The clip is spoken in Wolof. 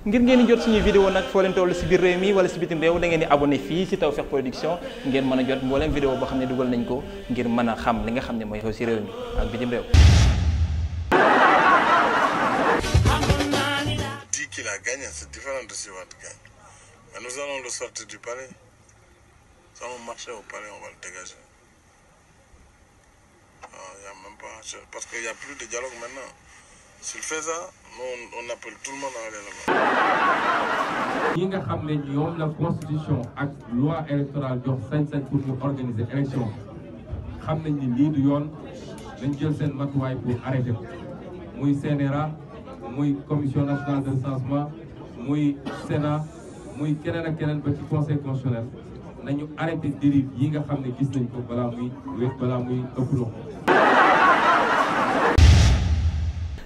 ngir ngeen jot suñuy vidéo nag foo leen toll si biir réew mi wala si bitim réew da ngeen di abonné fii si Tawfekh Production ngeen mën a jot mbooleem vidéo boo xam ne dugal nañ ko ngir mën a xam li nga xam ne mooy xew si réew mi ak bitim réew. Dit qu'il a gagné, ah, a même pas. Parce qu'il n'y a S'il fait ça, nous, on appelle tout le monde à aller là-bas. nga xam ne ñoom la constitution ak loi électorale jox sañ-sañ pour ñu organiser élection xam nañ ni lii yoon dañ jël seen matuwaay bu arrêter ko muy CNRA muy commission nationale de recensement muy Sénat muy keneen ak keneen ba ci conseil constitutionnel nañu arrêté dérive yi nga xam ne gis nañ ko balaa muy balaa muy ëpp loxo